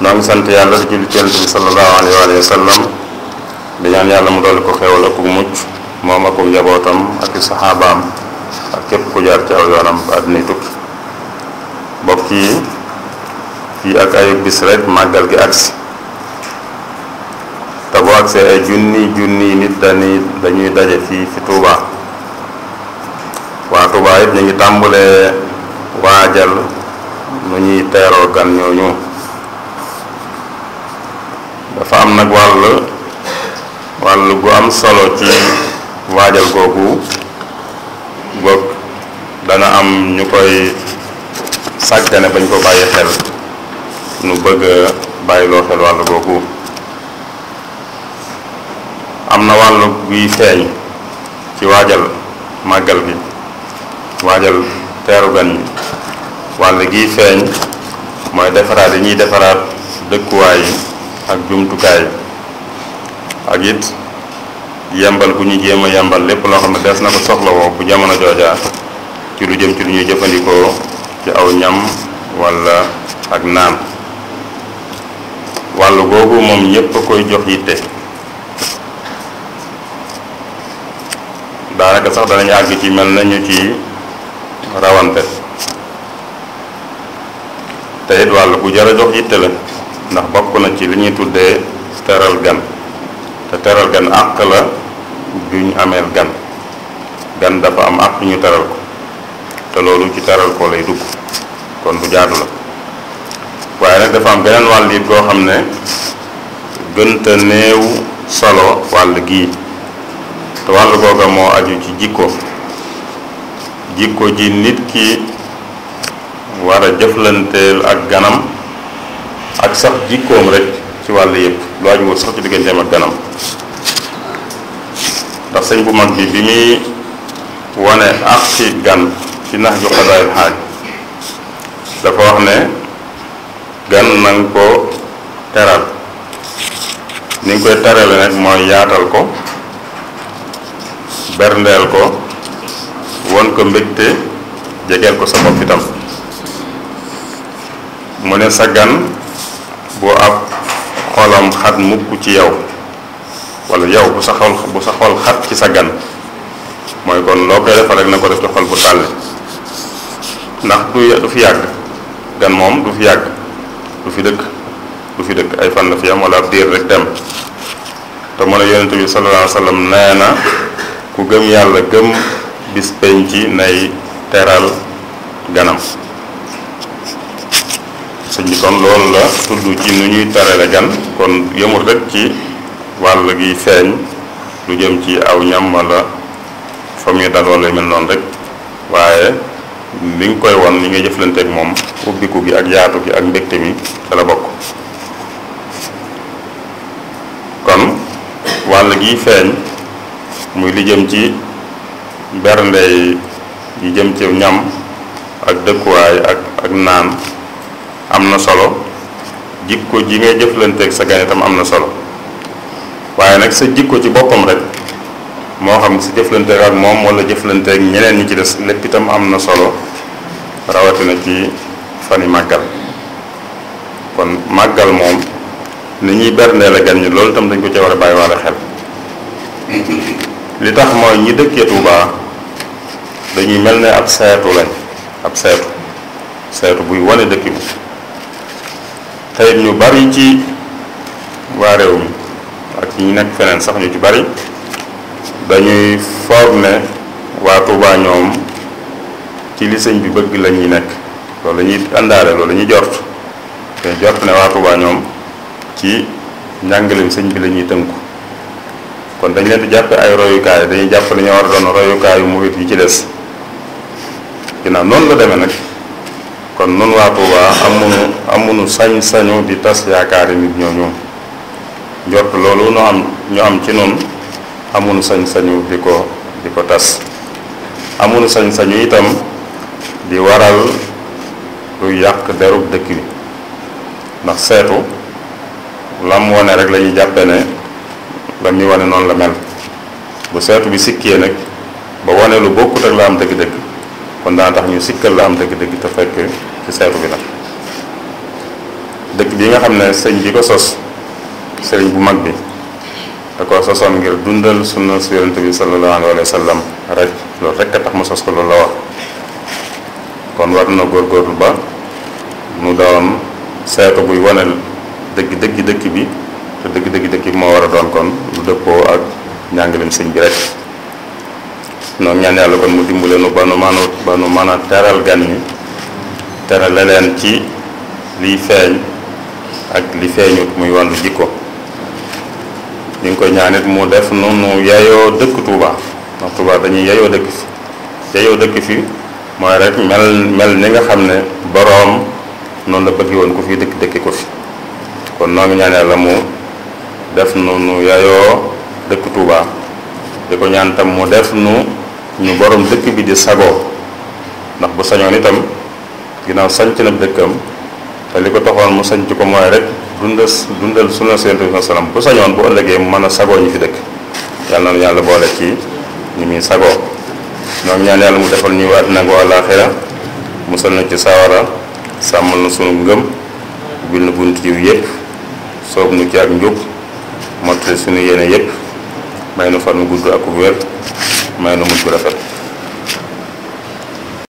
noo ngi sant yàlla di julli ci bi sallallahu alayhi wa sallam di ñaan yàlla mu dool ko xewal ak mucc moom ak njabootam ak saxaabaam ak képp ku jaar ci aw yoonam ba àddina tukki bokk yi fii ak ay bis rek màggal gi agsi te bu agsee ay junni junni nit dañuy dañuy daje fii fi Touba waa Touba it ñu ngi tàmbulee eh, waajal nu ñuy teeroo gan ñooñu dafa am nag wàll wàll gu am solo ci waajal googu boog dana am ñu koy sàggane bañ ko bàyyi xel nu bëgg a bàyyiloo xel wàll googu am na wàll guy feeñ ci waajal màggal bi waajal teeru gan ñi wàll giy feeñ mooy defaraat yi ñuy defaraat dëkkuwaay yi ak jumtukaay ak it yembal gu ñu jéem a yembal lépp loo xam ne des na ko soxlawoo bu jamono jooja ci lu jëm ci lu ñuy jëfandikoo ci aw ñam wala ak naan wàllu googu moom ñépp koy jox yitte daanaka sax danañu àgg ci mel nañu ci rawante te it wàllu gu jar a jox la bokk na ci li ñuy tuddee teral gan te teral gan àq la juñ ameel gan gan dafa am àq ñu teral ko te loolu ci teral ko lay dugg kon bu jaadu la waaye nag dafa am beneen wàll it goo xam ne gënta néew solo wàll gii te wàll googa moo aju ci jikko jikko ji nit ki war a jëflanteel ak ganam ak sax jikkoom rek ci wàll yépp lu aju sax ci digganteem ak ganam ndax sëñ bu mag bi bi muy wane ak ci gan ci nax ju xadaayul xaaj dafa wax ne gan nang ko teral ni nga koy terale nag mooy yaatal ko berndeel ko won ko mbégte jegeel ko sa bopp itam mu ne sa gan bu ab xolam xat mukk ci yow wala yow bu sa xol bu sa xol xat ci sa gan mooy kon loo koy defal rek na ko def ci xol bu tàlle ndax du ya, du fi yàgg gan moom du fi yàgg du fi dëkk du fi dëkk ay fan la fi am wala ab diir rek dem te mu ne yonent bi sallallahu alayhi wasallam nee na ku gëm yàlla gëm bis penc nay teral ganam sëñ bi kon loolu la tudd ci nu ñuy terale gan kon yëmul rek ci wàll gi feeñ lu jëm ci aw ñam wala fa muy dal wala mel noonu rek waaye li nga koy won li nga jëflante ak moom ubbiku gi ak yaatu gi ak mbégte mi ca la bokk kon wàll gi feeñ muy li jëm ci bernde yi jëm ci ñam ak dëkkuwaay ak ak naan amna solo jikko ji ngay ak sa gañ tam amna solo waye nak sa jikko ci bopam rek mo xam ci jëflante ak mom wala ak ñeneen ñi ci dess lepp itam amna solo rawati rawatina ci fani magal kon magal mom ni ñi berne la gañ ñi loolu itam dañ ko ci wara bay wala xel li tax mooy ñi dekké Tuubaa dañuy melne ak ab lañ ab buy wone dekk bi tey ñu bari ci waa réew mi ak nekk feneen sax ñu ci bari dañuy former waa Touba ñoom ci li sëñ bi bëgg la ñuy nekk loolu la ñuy àndaale loolu la ñuy jort te jort ne waa Touba ñoom ci njàngaleem sëñ bi la ñuy tënku kon dañ leen di jàppe ay royukaay dañuy jàpp ne ñoo war a doon royukaayu murit yi ci des ginnaaw noonu la demee nag. kon nun waa Touba amunu sañ-sañu di tas yaakaari nit ñooñu jot loolu nu am ñu am ci nun amunu sañ-sañu di ko di ko tas amunu sañ-sañu itam di waral lu yàq derub dëkk bi ndax seetu lam wone rek lañuy ñuy la muy wane noonu la mel bu seetu bi sikkee nag ba wone lu bokkut ak la am dëgg-dëgg kon dana tax ñu sikkal la am dëgg-dëgg te fekk ci seetu bi la dëkk bi nga xam ne sëñ bi ko sos sëriñ bu mag bi da ko sosoon ngir dundal sunna su yonente bi sallallahu alayhi wa sallam rek loolu rek a tax mu sos ko loolu la wax kon war na góorgóorlu ba mu doon seetu buy waneel dëgg dëgg dëkk bi te dëgg dëgg dëkk bi moo war a doon kon lu dëppoo ak njàngaleem sëñ bi rek noonu ñaan yàlla kon mu dimbale nu ba nu mën a ba nu mën a teral gan ñi terale leen ci liy feeñ ak li feeñut muy wàllu jikko ñu ngi koy ñaanit mu def nu nu yeyoo dëkk Touba ndax Touba dañuy yeyoo fi yeyoo mel ni nga xam ne boroom noonu la woon ko fi dëkk dëkki ko fi kon noo ñaan yàlla mu def nu nu yeyoo dëkk Touba di ko ñaan tam mu def nu ñu borom dëkk bi di sago ndax bu ni tam ginnaaw sanc na dëkkam te li ko taxoon mu sanc ko mooy rek dundas dundal sunna seen nabi salaam bu sañoon bu ëllëgee mu mën a sagoo ñu fi dëkk yàlla na yàlla boole ci ñu muy sagoo ñoom ñaan yàlla mu defal ñu waat nag waa laaxira musal na ci sawara sàmmal na sunu ngëm bil na bunt yu yëpp soob nu ci ak njub mottali sunu yéene yëpp may nu fan mu gudd ak wér may nu mujj bu rafet